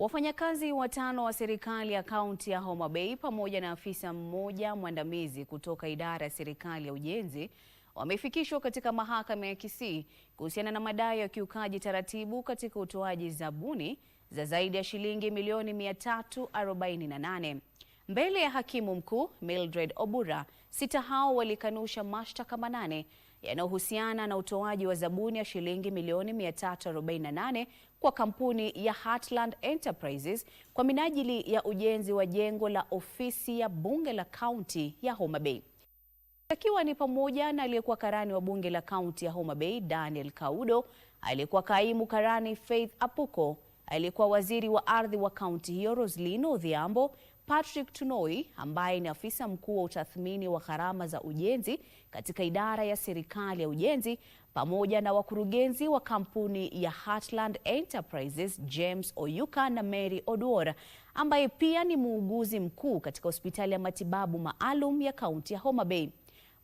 Wafanyakazi watano wa serikali ya kaunti ya Homa Bay pamoja na afisa mmoja mwandamizi kutoka idara ya serikali ya ujenzi wamefikishwa katika mahakama ya Kisii kuhusiana na madai ya ukiukaji taratibu katika utoaji zabuni za zaidi ya shilingi milioni 348. Mbele ya hakimu mkuu Mildred Obura, sita hao walikanusha mashtaka manane yanayohusiana na utoaji wa zabuni ya shilingi milioni 348 kwa kampuni ya Heartland Enterprises kwa minajili ya ujenzi wa jengo la ofisi ya bunge la kaunti ya Homa Bay. Washtakiwa ni pamoja na aliyekuwa karani wa bunge la kaunti ya Homa Bay Daniel Kaudo, aliyekuwa kaimu karani Faith Apuko, aliyekuwa waziri wa ardhi wa kaunti hiyo Roselyn Odhiambo, Patrick Tunoi ambaye ni afisa mkuu wa utathmini wa gharama za ujenzi katika idara ya serikali ya ujenzi pamoja na wakurugenzi wa kampuni ya Heartland Enterprises James Oyuka na Mary Oduor ambaye pia ni muuguzi mkuu katika hospitali ya matibabu maalum ya kaunti ya Homa Bay.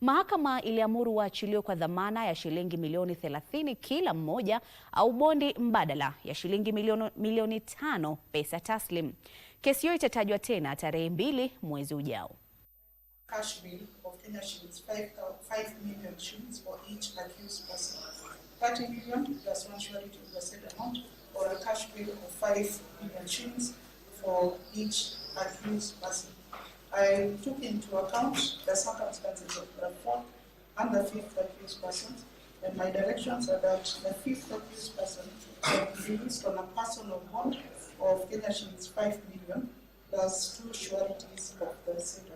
Mahakama iliamuru waachiliwe kwa dhamana ya shilingi milioni 30 kila mmoja au bondi mbadala ya shilingi milioni, milioni tano pesa taslim. Kesi hiyo itatajwa tena tarehe mbili mwezi ujao. I took into account the circumstances of the fourth and the fifth accused persons, and my directions are that the fifth accused person is released on a personal bond of Kenya shillings 5 million plus two sureties of the city.